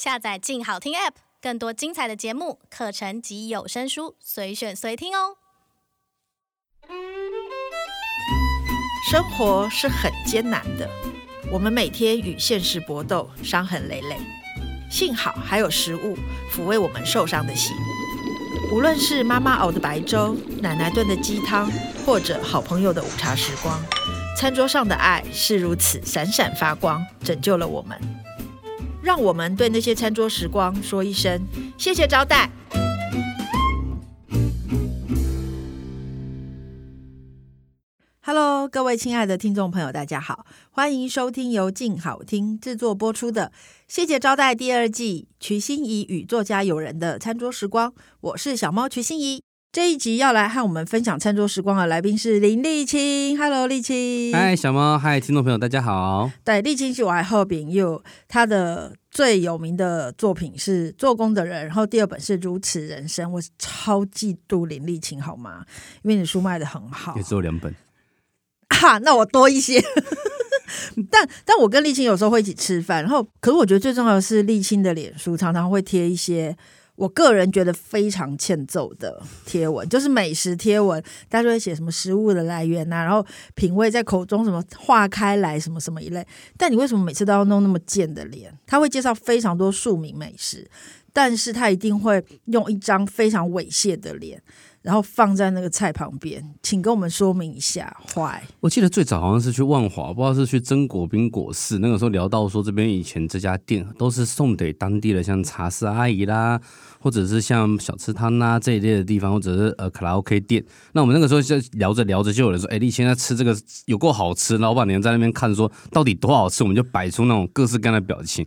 下載“靜好聽 ”App，更多精彩的節目、課程及有聲書，隨選隨聽哦。生活是很艱難的，我們每天與現實搏鬥，傷痕累累。幸好還有食物撫慰我們受傷的心，無論是媽媽熬的白粥、奶奶燉的雞湯，或者好朋友的午茶時光，餐桌上的愛是如此閃閃發光，拯救了我們。讓我們對那些餐桌時光說一聲謝謝招待。Hello，各位親愛的聽眾朋友，大家好，歡迎收聽由靜好聽製作播出的《謝謝招待》第二季，瞿欣怡與作家友人的餐桌時光，我是小貓瞿欣怡。這一集要來和我們分享餐桌時光的來賓是林立青。Hello，立青。嗨，小貓。嗨，聽眾朋友，大家好。對，立青是我愛後餅又，他的最有名的作品是《做工的人》，然後第二本是《如此人生》，我超嫉妒林立青，好嗎？因為你書賣得很好。也只有兩本。哈、啊，那我多一些。 但但我跟立青有時候會一起吃飯，然後，可是我覺得最重要的是立青的臉書常常會貼一些。我個人覺得非常欠揍的貼文，就是美食貼文，大家就會寫什麼食物的來源吶、啊，然後品味在口中什麼化開來什麼什麼一類。但你為什麼每次都要弄那麼賤的臉？他會介紹非常多庶民美食，但是他一定會用一張非常猥褻的臉。然後放在那個菜旁邊，請跟我們說明一下。壞，我記得最早好像是去萬華，我不知道是去真國冰果室。那個時候聊到說，這邊以前這家店都是送給當地的，像茶室阿姨啦，或者是像小吃攤啦這一類的地方，或者是呃卡拉 OK 店。那我們那個時候就聊着聊着，就有人說：“哎，你現在吃這個有夠好吃！”老闆娘在那邊看說：“到底多好吃？”我們就擺出那種各式各樣的表情。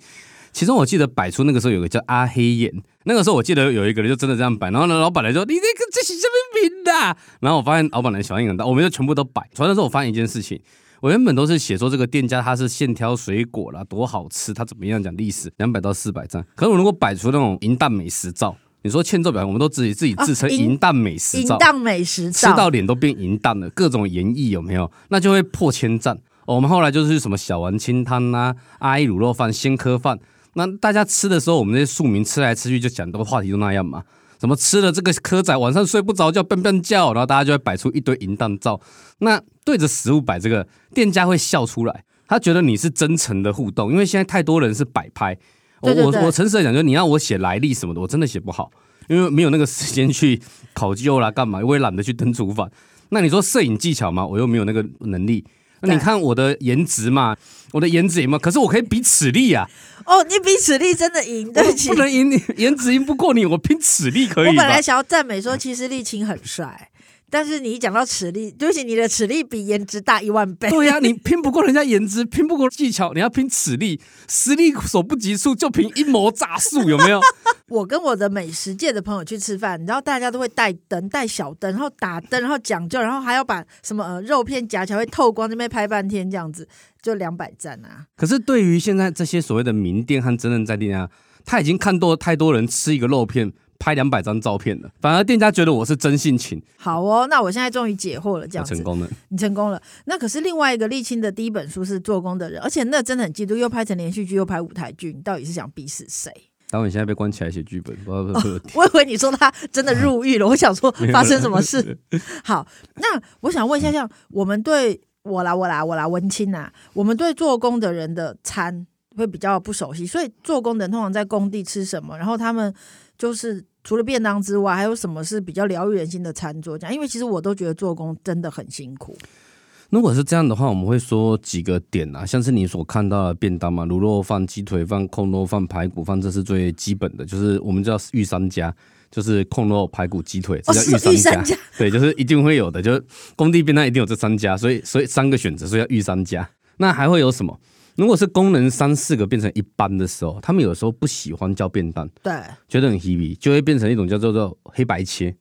其中我記得擺出那個時候有個叫阿黑燕，那個時候我記得有一個人就真的這樣擺，然後呢老板來說你這個這是什麼名的、啊？然後我發現老板來小應很大，我們就全部都擺。擺的時候我發現一件事情，我原本都是寫說這個店家他是現挑水果啦，多好吃，他怎麼樣講歷史，兩百到四百讚。可是我如果擺出那種淫蕩美食照，你說欠揍表，我們都自己自己自稱淫蕩美食照，淫蕩、哦、美食照吃到臉都變淫蕩了,了，各種演繹有沒有？那就會破千讚、哦。我們後來就是什麼小丸清湯啊，阿姨滷肉飯，鮮稞飯。那大家吃的時候，我們那些庶民吃來吃去就講的話題都那樣嘛，怎麼吃了這個蚵仔晚上睡不着覺，蹦蹦叫，然後大家就會擺出一堆淫蕩照。那對着食物擺這個，店家會笑出來，他覺得你是真誠的互動，因為現在太多人是擺拍。對對對，我我我誠實的講、就是，就你讓我寫來歷什麼的，我真的寫不好，因為沒有那個時間去考究啦，幹嘛？我也懶得去登廚房。那你說攝影技巧嘛，我又沒有那個能力。那對、啊，你看我的顏值嘛，我的顏值贏嘛？可是我可以比體力！啊哦，你比體力真的贏，對不起，不能贏你，顏值贏不過你，我拼體力可以。我本來想要讚美說，其實立青很帥。但是你一講到齒力，對不起，你的齒力比顏值大一萬倍。對呀、啊，你拼不過人家顏值，拼不過技巧，你要拼齒力，實力所不及處，就憑一謀詐術，有沒有？ 我跟我的美食界的朋友去吃飯，然後大家都會帶燈、帶小燈，然後打燈，然後講究，然後還要把什麼、呃、肉片夾起來會透光，這邊拍半天這樣子，就兩百讚啊。可是對於現在這些所謂的名店和真人，在店啊，他已經看多了太多人吃一個肉片，拍兩百張照片的，反而店家覺得我是真性情。好哦，那我現在終於解惑了，這樣你成功了。你成功了。那可是另外一個立青的第一本書是做工的人，而且那真的很嫉妒，又拍成連續劇，又拍舞台劇，你到底是想逼死誰？當然，現在被關起來寫劇本。不不不，我以為你說他真的入獄了，啊、我想說發生什麼事。好，那我想問一下像，像我們對我啦，我啦，我啦，文青吶、啊，我們對做工的人的餐會比較不熟悉，所以做工的人通常在工地吃什麼？然後他們就是。除了便當之外，還有什麼是比較療癒人心的餐桌，因為其實我都覺得做工真的很辛苦。如果是這樣的話，我們會說幾個點啊，像是你所看到的便當嘛，滷肉飯、雞腿飯、控肉飯、排骨飯，飯這是最基本的，就是我們叫“御三家”，就是控肉、排骨、雞腿，這叫“御三家”哦。家對，就是一定會有的，就是工地便當一定有這三家，所以所以三個選擇，所以叫“御三家”。那還會有什麼？如果是功能三四個變成一般的時候，他們有時候不喜歡叫便當，對，覺得很 heavy，就會變成一種叫做做黑白切，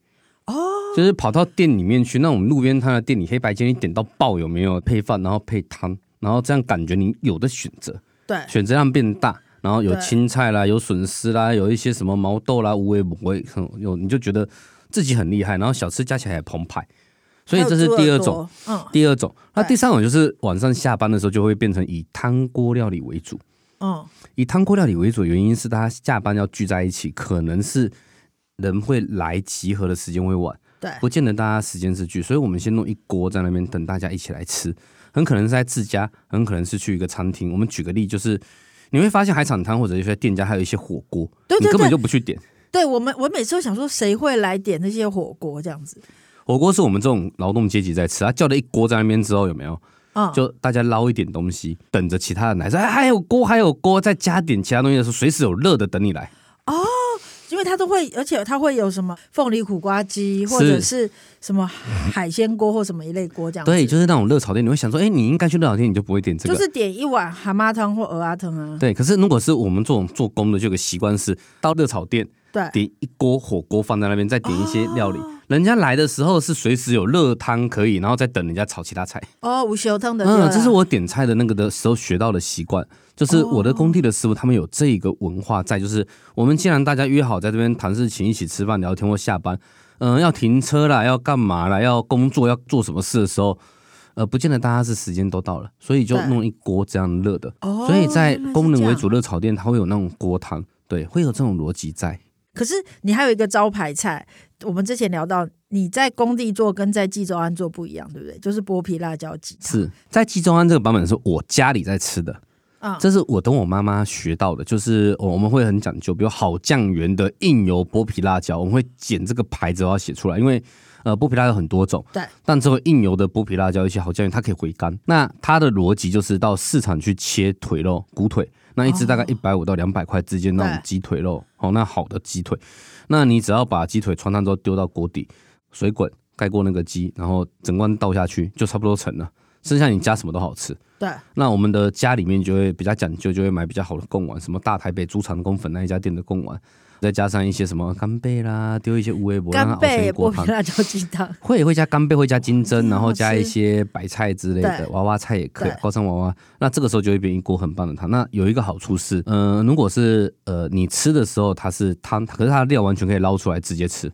哦，就是跑到店裡面去那種路邊攤的店裡，黑白切你點到爆有沒有？配飯然後配湯，然後這樣感覺你有的選擇，對，選擇量變大，然後有青菜啦，有筍絲啦，有一些什麼毛豆啦、烏梅果，有，你就覺得自己很厲害，然後小吃加起來也澎湃。所以這是第二種，嗯、第二種。那第三種就是晚上下班的時候就會變成以湯鍋料理為主。嗯，以湯鍋料理為主，原因是大家下班要聚在一起，可能是人會來集合的時間會晚。對，不見得大家時間是聚，所以我們先弄一鍋在那邊等大家一起來吃。很可能是在自家，很可能是去一個餐廳。我們舉個例，就是你會發現海產攤或者一些店家還有一些火鍋，對，對，對你根本就不去點。對我們，我每次都想說誰會來點那些火鍋這樣子。火鍋是我們這種勞動階級在吃，他、啊、叫了一鍋在那邊之後有沒有？嗯、就大家撈一點東西，等着其他的來。說哎，還有鍋，還有鍋，再加點其他東西的時候，隨時有熱的等你來。哦，因為他都會，而且他會有什麼鳳梨苦瓜雞，或者是什麼海鮮鍋或什麼一類鍋這樣。對，就是那種熱炒店，你會想說，哎、欸，你應該去熱炒店，你就不會點這個，就是點一碗蛤蟆湯或蚵仔湯啊。對，可是如果是我們這種做工的，這個習慣是到熱炒店，對，點一鍋火鍋放在那邊，再點一些料理。哦人家來的時候是隨時有熱湯可以，然後再等人家炒其他菜。哦，午休湯的。嗯，這是我點菜的那個的時候學到的習慣，就是我的工地的師傅他們有這一個文化在，哦、就是我們既然大家約好在這邊談事情、一起吃飯、聊天或下班，嗯、呃，要停車啦，要幹嘛啦，要工作，要做什麼事的時候，呃，不見得大家是時間都到了，所以就弄一鍋這樣熱的。哦對，所以在功能為主熱炒店，哦、它會有那種鍋湯，對，會有這種邏輯在。可是你還有一個招牌菜，我們之前聊到你在工地做跟在濟州安做不一樣，對不對？就是剝皮辣椒雞湯。在濟州安這個版本是我家裡在吃的，嗯、這是我跟我媽媽學到的，就是我們會很講究，比如好醬園的蔭油剝皮辣椒，我們會剪這個牌子，我要寫出來，因為呃剝皮辣椒有很多種，對，但只有蔭油的剝皮辣椒，一些好醬油它可以回甘。那它的邏輯就是到市場去切腿肉骨腿。那一隻大概一百五到兩百塊之間那種雞腿肉，好對、哦，那好的雞腿，那你只要把雞腿穿上之後丟到鍋底，水滾蓋過那個雞，然後整罐倒下去就差不多成了，剩下你加什麼都好吃。對，那我們的家裡面就會比較講究，就會買比較好的貢丸，什麼大台北豬腸公粉那一家店的貢丸。再加上一些什麼干貝啦，丟一些烏雞脖，干貝杯、菠皮辣椒雞湯，會會加干貝，會加金針，然後加一些白菜之類的對娃娃菜也可以，對高山娃娃。那這個時候就會變成一鍋很棒的湯。那有一個好處是，嗯、呃，如果是呃你吃的時候它是湯，可是它的料完全可以撈出來直接吃，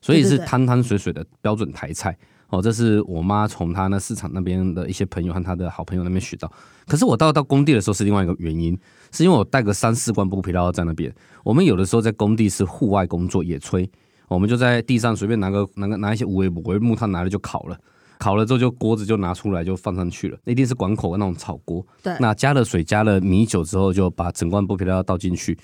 所以是湯湯水水的標準台菜。對對對嗯哦，這是我媽從她那市場那邊的一些朋友和她的好朋友那邊學到。可是我到到工地的時候是另外一個原因，是因為我帶個三四罐布皮料在那邊。我們有的時候在工地是戶外工作野炊，我們就在地上隨便拿個拿個拿一些五味五味木炭拿來就烤了，烤了之後就鍋子就拿出來就放上去了。那一定是管口的那種炒鍋，對，那加了水加了米酒之後，就把整罐布皮料倒，倒進去。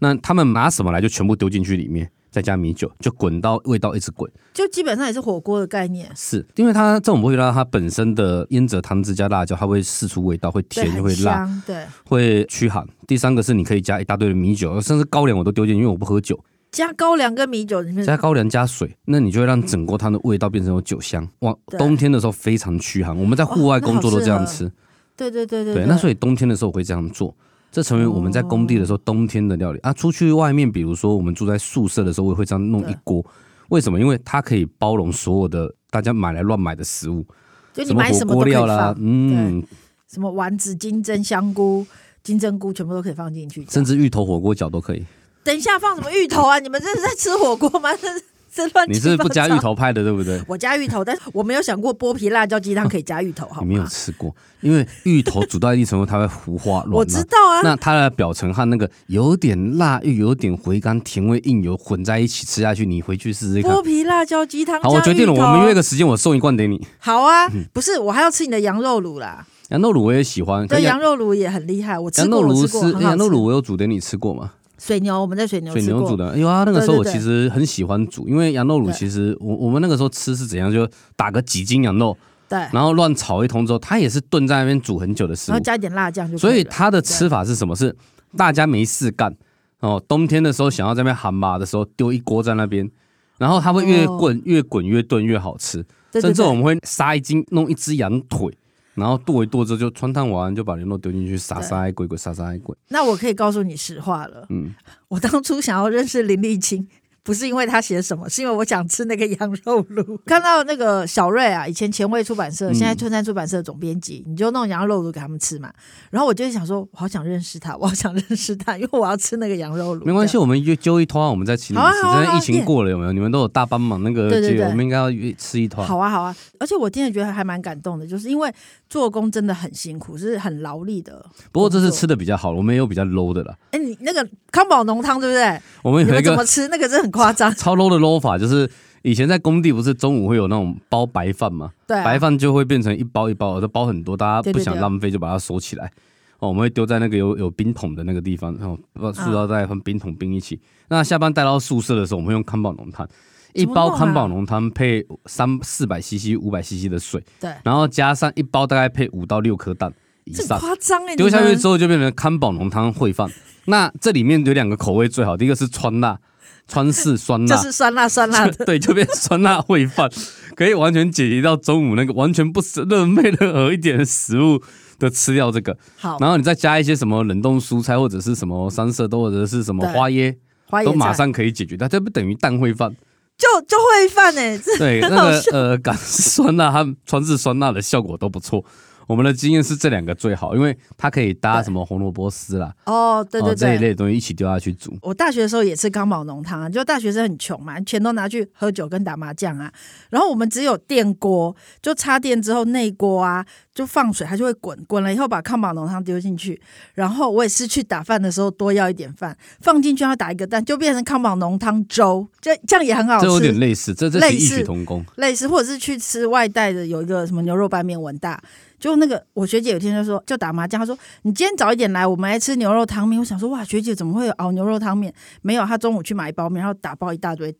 那他們拿什麼來就全部丟進去裡面，再加米酒，就滾到味道一直滾，就基本上也是火鍋的概念。是，因為它這種味道，它本身的醃制湯汁加辣椒，它會釋出味道，會甜，香會辣，對，會驅寒。第三個是你可以加一大堆的米酒，甚至高粱我都丟進去，因為我不喝酒。加高粱跟米酒裡面，加高粱加水，那你就會讓整鍋湯的味道變成有酒香。對哇，冬天的時候非常驅寒。我們在戶外工作都這樣吃。哦、對，對，對對對對。對，那所以冬天的時候我會這樣做。這成為我們在工地的時候冬天的料理、哦、啊！出去外面，比如說我們住在宿舍的時候，我也會這樣弄一鍋。對為什麼？因為它可以包容所有的大家買來亂買的食物，就你買什麼火鍋料啦，嗯，什麼丸子、金針、香菇、金針菇全部都可以放進去，甚至芋頭火鍋餃都可以。等一下放什麼芋頭啊？你們這是在吃火鍋嗎？ 你是不加芋頭派的對不對？我加芋頭，但是我沒有想過剝皮辣椒雞湯可以加芋頭。哈，你沒有吃過，因為芋頭煮到一定程度它會糊化亂。我知道啊，那它的表層和那個有點辣又有點回甘甜味硬油混在一起吃下去，你回去試試看。剝皮辣椒雞湯，好，我決定了，我們約個時間，我送一罐給你。好啊，不是，我還要吃你的羊肉滷啦。羊肉滷我也喜歡，對，羊肉滷也很厲害，我羊肉滷吃，羊肉滷我有煮給你吃過嗎？水牛，我們在水牛水牛煮的，因、哎、為、啊、那個時候我其實很喜歡煮，對對對因為羊肉爐其實對我我們那個時候吃是怎樣，就打個幾斤羊肉，對，然後亂炒一通之後，它也是燉在那邊煮很久的食物，加一點辣醬。所以它的吃法是什麼？對是大家沒事幹哦，冬天的時候想要在那邊喊媽的時候，丟一鍋在那邊，然後它會越滾、哦、越滾越燉越好吃，對對對甚至我們會殺一斤弄一隻羊腿。然後剁一剁，之後就川燙完，就把牛肉丟進去，撒撒、哎滾滾、撒撒哎滾。那我可以告訴你實話了，嗯，我當初想要認識林立青，不是因為他寫什麼，是因為我想吃那個羊肉爐。 看到那個小瑞啊，以前前衛出版社，現在春山出版社的總編輯，嗯、你就弄羊肉爐給他們吃嘛。然後我就想說，我好想認識他，我好想認識他，因為我要吃那個羊肉爐。沒關係，我們約揪一團我們在吃。好啊，真的，啊啊、疫情過了，有沒有？Yeah 你們都有大幫忙，那個對對對對，我們應該要吃一團。好啊，好啊，而且我聽著覺得還蠻感動的，就是因為。做工真的很辛苦，是很勞力的。不過這是吃的比較好，我們也有比較 low 的了。哎，你那個康寶濃湯對不對？我們有一個怎麼吃？那個是很誇張超。超 low 的 low 法就是，以前在工地不是中午會有那種包白飯嘛？對啊。白飯就會變成一包一包，都包很多，大家不想浪費就把它收起來。對對對。哦，我們會丟在那個有有冰桶的那個地方，然後，哦，塑料袋和冰桶冰一起。哦、那下班帶到宿舍的時候，我們用康寶濃湯。啊、一包康寶濃湯配三四百 CC，五百 CC 的水，對然後加上一包大概配五到六顆蛋以上，欸、丟下去之後就變成康寶濃湯燴飯。 那這裡面有兩個口味最好的，第一個是川辣，川式酸辣， 就是酸辣酸辣對，就變酸辣燴飯， 可以完全解決到中午那個完全不吃任何一點的食物的吃掉這個。好，然後你再加一些什麼冷凍蔬菜或者是什麼三色豆或者是什麼花椰，花椰都馬上可以解決。這樣但這不等於蛋燴飯？就就會犯哎、欸，這好對，那個呃，港式酸辣，和川式酸辣的效果都不錯。我們的經驗是這兩個最好，因為它可以搭什麼紅蘿蔔絲啦，哦，oh, 對對對，這一類的東西一起丟下去煮。我大學的時候也吃康寶濃湯，啊，就大學生很窮嘛，全都拿去喝酒跟打麻將啊。然後我們只有電鍋，就插電之後內鍋啊，就放水，它就會滾，滾了以後把康寶濃湯丟進去，然後我也是去打飯的時候多要一點飯，放進去要打一個蛋，就變成康寶濃湯粥，這這樣也很好吃。這有點類似，這是異曲同工，類似，類似或者是去吃外帶的有一個什麼牛肉拌麵文大。就那個我學姐有天就說，就打麻將。她說：“你今天早一點來，我們來吃牛肉湯麵。”我想說：“哇，學姐怎麼會有熬牛肉湯麵？”沒有，她中午去買一包麵，然後打包一大堆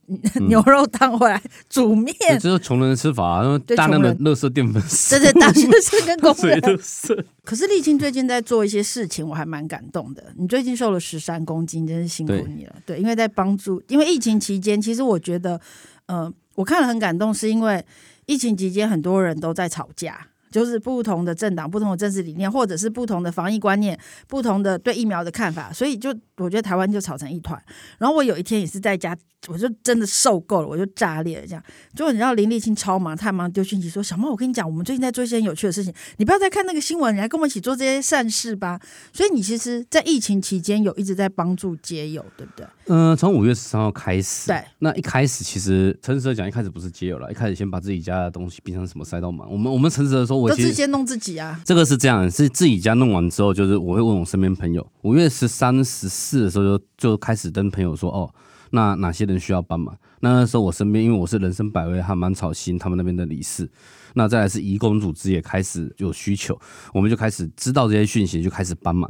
牛肉湯回來、嗯、煮麵麵。這、就是窮人的吃法，大量的垃圾澱粉。對對，大學生跟工人。圾可是立青最近在做一些事情，我還蠻感動的。你最近瘦了十三公斤，真是辛苦你了。對，對，因為在幫助。因為疫情期間，其實我覺得，嗯、呃、我看了很感動，是因為疫情期間很多人都在吵架。就是不同的政黨、不同的政治理念，或者是不同的防疫觀念、不同的對疫苗的看法，所以就我覺得台灣就吵成一團。然後我有一天也是在家，我就真的受夠了，我就炸裂了，這樣。結果你知道林立青超忙，太忙丟訊息說：“小貓，我跟你講，我們最近在做一些有趣的事情，你不要再看那個新聞，你來跟我們一起做這些善事吧。”所以你其實，在疫情期間有一直在幫助街友，對不對？嗯，從五月十三號開始，對，那一開始其實誠實的講，一開始不是街友了，一開始先把自己家的東西變成什麼塞到滿。我們我們誠實的說，我就直接弄自己啊。這個是這樣，是自己家弄完之後，就是我會問我身邊朋友，五月十三十四的時候就就開始跟朋友說，哦，那哪些人需要幫忙？那時候我身邊，因為我是人生百味，還蠻操心他們那邊的理事。那再來是移工組織也開始有需求，我們就開始知道這些訊息，就開始幫忙。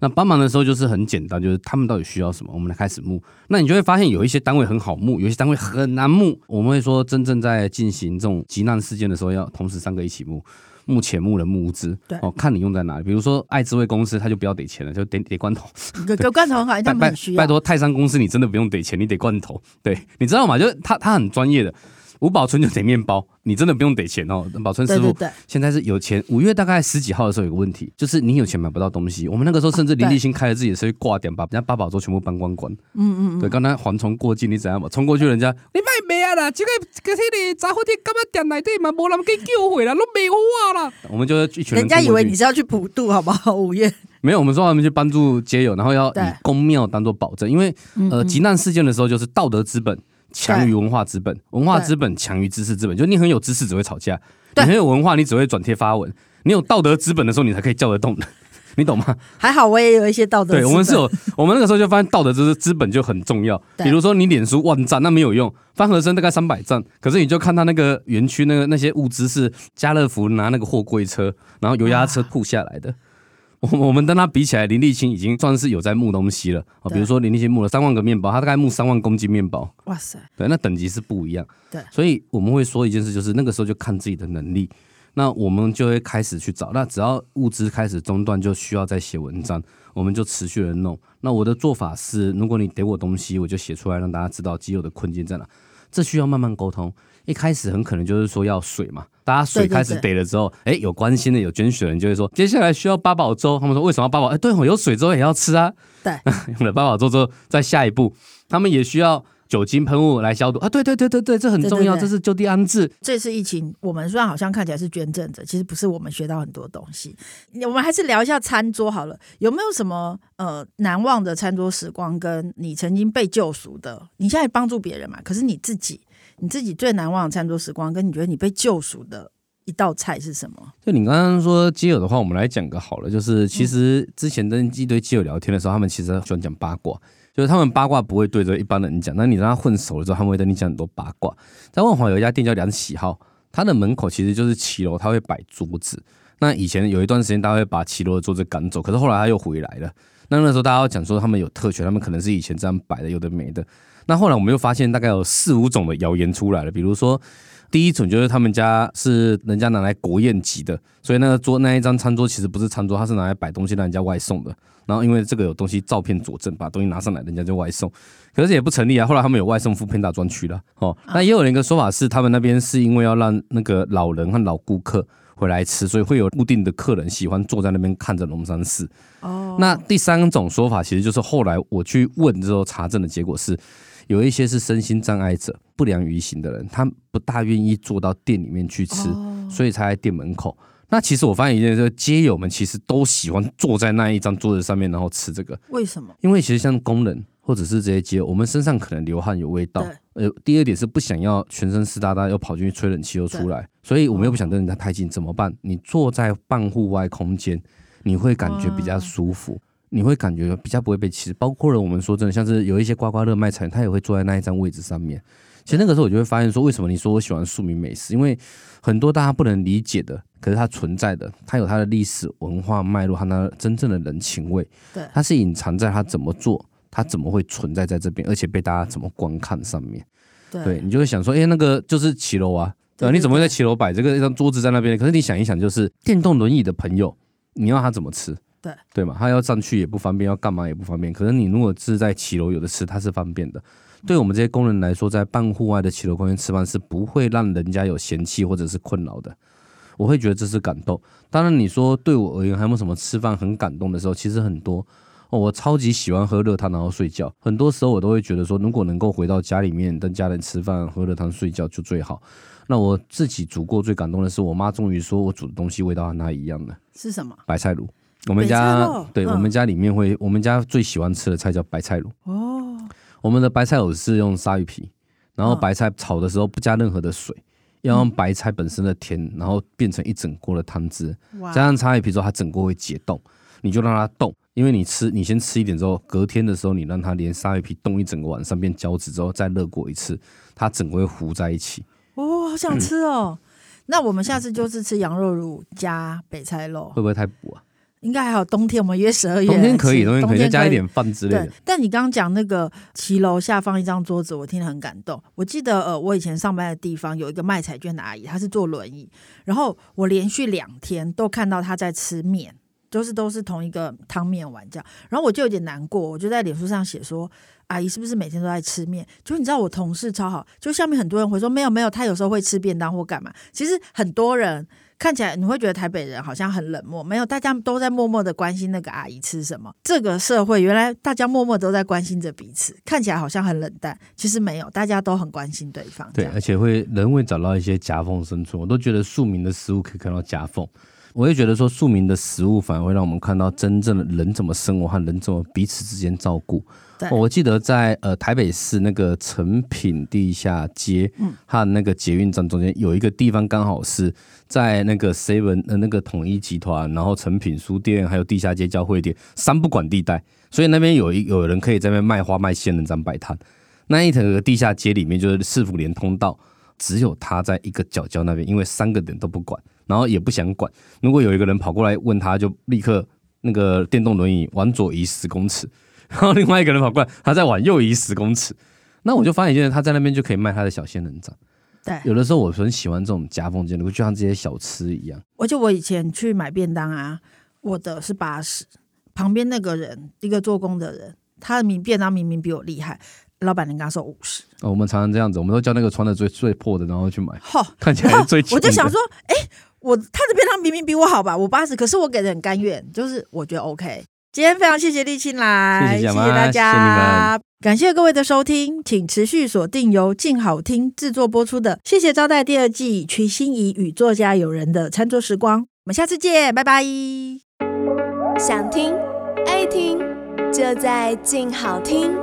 那幫忙的時候就是很簡單，就是他們到底需要什麼，我們來開始募。那你就會發現有一些單位很好募，有一些單位很難募。我們會說，真正在進行這種急難事件的時候，要同時三個一起募，募錢、募人、募物資。對，哦，看你用在哪裡。比如說愛之味公司，他就不要給錢了，就給給罐頭。給罐頭好像對他們很需要。拜托泰山公司，你真的不用給錢，你給罐頭。對，你知道嗎？就是他，他很專業的。吳寶春就得面包，你真的不用給錢哦。寶春師傅現在是有錢。五月大概十幾號的時候有個問題，就是你有錢買不到東西。我們那個時候甚至林立青開了自己的車掛點，啊、把人家八寶粥全部搬光光。嗯嗯,嗯對，剛才蝗蟲過境，你怎樣嘛？衝過去人家、嗯、你賣沒啊？這個給那裡雜貨店幹嘛點奶店嘛？沒人給救回來，都沒貨了啦。我們就是一群人。人家以為你是要去普渡，好不好？五月沒有，我們說我們去幫助街友，然後要以公廟當做保證，對因為嗯嗯呃，急難事件的時候就是道德資本。強於文化資本，對文化資本強於知識資本，對就是你很有知識只會吵架，對你很有文化你只會轉貼發文，你有道德資本的時候你才可以叫得動的， 你懂嗎？還好我也有一些道德資本。對我們是有，我們那個時候就發現道德資資本就很重要。對比如說你臉書萬讚，那沒有用，翻和聲，大概三百讚，可是你就看他那個園區那個那些物資是家樂福拿那個貨櫃車，然後油壓車鋪下來的。啊我 我們跟他比起來，林立青已經算是有在募東西了，啊。比如說林立青募了三萬個麵包，他大概募三萬公斤麵包。哇塞，對，那等級是不一樣。對，所以我們會說一件事，就是那個時候就看自己的能力。那我們就會開始去找，那只要物資開始中斷，就需要再寫文章，我們就持續的弄。那我的做法是，如果你給我東西，我就寫出來讓大家知道街友的困境在哪。這需要慢慢溝通，一開始很可能就是說要水嘛，大家水開始得了之後，哎，有關心的有捐血的人就會說，接下來需要八寶粥，他們說為什麼要八寶？哎，對，有水粥也要吃啊，對， 用了八寶粥之後，再下一步他們也需要。酒精噴霧來消毒啊！對對對對對，這很重要。這是就地安置對對對。這次疫情，我們雖然好像看起來是捐贈者，其實不是。我們學到很多東西。我們還是聊一下餐桌好了。有沒有什麼呃難忘的餐桌時光？跟你曾經被救贖的，你現在幫助別人嘛？可是你自己，你自己最難忘的餐桌時光，跟你覺得你被救贖的一道菜是什麼？就你剛剛說街友的話，我們來講個好了，就是其實之前跟一堆街友聊天的時候，他們其實很喜歡講八卦。就是他們八卦不會對着一般的人講，那你跟他混熟了之後，他們會跟你講很多八卦。在萬華有一家店叫“兩喜號”，他的門口其實就是騎樓，他會擺桌子。那以前有一段時間，他會把騎樓的桌子趕走，可是後來他又回來了。那那時候大家講說他們有特權，他們可能是以前這樣擺的，有的沒的。那後來我們又發現，大概有四五種的謠言出來了，比如說。第一種就是他們家是人家拿來國宴級的，所以那個桌那一張餐桌其實不是餐桌，它是拿來擺東西讓人家外送的。然後因為這個有東西照片佐證，把東西拿上來，人家就外送，可是也不成立啊。後來他們有外送 foodpanda 專區了哦。那也有人一個說法是，他們那邊是因為要讓那個老人和老顧客回來吃，所以會有固定的客人喜歡坐在那邊看着龍山寺哦。Oh. 那第三種說法其實就是後來我去問之後查證的結果是。有一些是身心障礙者、不良於行的人，他不大願意坐到店裡面去吃，Oh. 所以才在店門口。那其實我發現一件事，街友們其實都喜歡坐在那一張桌子上面，然後吃這個。為什麼？因為其實像工人或者是這些街，我們身上可能流汗有味道。呃對，第二點是不想要全身濕噠噠，又跑進去吹冷氣又出來，對所以我們又不想跟人家太近，怎麼辦？你坐在半戶外空間，你會感覺比較舒服。Wow. 你會感覺比較不會被歧視，包括了我們說真的，像是有一些刮刮樂賣彩，他也會坐在那一張位置上面。其實那個時候我就會發現說，為什麼你說我喜歡庶民美食？因為很多大家不能理解的，可是它存在的，它有它的歷史文化脈絡，它那真正的人情味。對，它是隱藏在它怎麼做，它怎麼會存在在這邊，而且被大家怎麼觀看上面。對，對，你就會想說，哎、欸，那個就是騎樓啊！對，對，對、呃，你怎麼會在騎樓擺這個一張桌子在那邊？可是你想一想，就是電動輪椅的朋友，你要他怎麼吃？對對嘛，他要上去也不方便，要幹嘛也不方便。可是你如果是在騎樓有的吃，他是方便的。嗯、對我們這些工人來說，在半戶外的騎樓空間吃飯是不會讓人家有嫌棄或者是困擾的。我會覺得這是感動。當然，你說對我而言，還有沒有什麼吃飯很感動的時候？其實很多。哦，我超級喜歡喝熱湯然後睡覺。很多時候我都會覺得說，如果能夠回到家裡面跟家人吃飯、喝熱湯、睡覺就最好。那我自己煮過最感動的是，我媽終於說我煮的東西味道和她一樣的。是什麼？白菜滷。我們家對，嗯、我們家裡面會，我們家最喜歡吃的菜叫白菜滷。哦，我們的白菜滷是用鯊魚皮，然後白菜炒的時候不加任何的水，嗯、要用白菜本身的甜，然後變成一整鍋的湯汁。哇加上鯊魚皮之後，它整鍋會解凍，你就讓它凍，因為你吃，你先吃一點之後，隔天的時候你讓它連鯊魚皮凍一整個晚上變膠質之後再熱過一次，它整鍋會糊在一起。哦，好想吃哦！嗯、那我們下次就是吃羊肉滷加白菜肉，會不會太補啊？應該還好，冬天我們約十二月。冬天可以，冬天可以，冬天可以加一點飯之類的。但你剛剛講那個騎樓下放一張桌子，我聽得很感動。我記得呃，我以前上班的地方有一個賣彩券的阿姨，她是坐輪椅，然後我連續兩天都看到她在吃麵，就是都是同一個湯麵碗這樣。然後我就有點難過，我就在臉書上寫說：“阿姨是不是每天都在吃麵？”就你知道我同事超好，就下面很多人會說：“沒有沒有，她有時候會吃便當或幹嘛。”其實很多人。看起來你會覺得台北人好像很冷漠，沒有，大家都在默默地關心那個阿姨吃什麼。這個社會原來大家默默都在關心着彼此，看起來好像很冷淡，其實沒有，大家都很關心對方。對，而且會人會找到一些夾縫生存，我都覺得庶民的食物可以看到夾縫。我也覺得說，庶民的食物反而會讓我們看到真正的人怎麼生活，和人怎麼彼此之間照顧。我記得在呃台北市那個誠品地下街和那個捷運站中間，有一個地方剛好是在那個 seven 呃那個統一集團，然後誠品書店還有地下街交匯點三不管地帶，所以那邊有一有人可以在那邊賣花、賣仙人掌擺攤。那一層地下街裡面就是市府連通道，只有他在一個角角那邊，因為三個點都不管。然後也不想管，如果有一個人跑過來問他，就立刻那個電動輪椅往左移十公尺。然後另外一個人跑過來，他再往右移十公尺。那我就發現，他在那邊就可以賣他的小仙人掌。對，有的時候我很喜歡這種夾縫間，就像這些小吃一樣。我就我以前去買便當啊，我的是八十，旁邊那個人一個做工的人，他的便當明明比我厲害。老闆，你剛說五十？哦，我們常常這樣子，我們都叫那個穿的最最破的，然後去買。好、哦，看起來是最我就想說，哎。我他的邊讓明明比我好吧，我八十，可是我給的很甘願，就是我覺得 OK。今天非常謝謝立青來，謝謝，謝謝大家，謝謝你。感謝各位的收聽，請持續鎖定由靜好聽製作播出的《謝謝招待》第二季，曲心怡與作家友人的餐桌時光。我們下次見，拜拜。想聽愛聽就在靜好聽。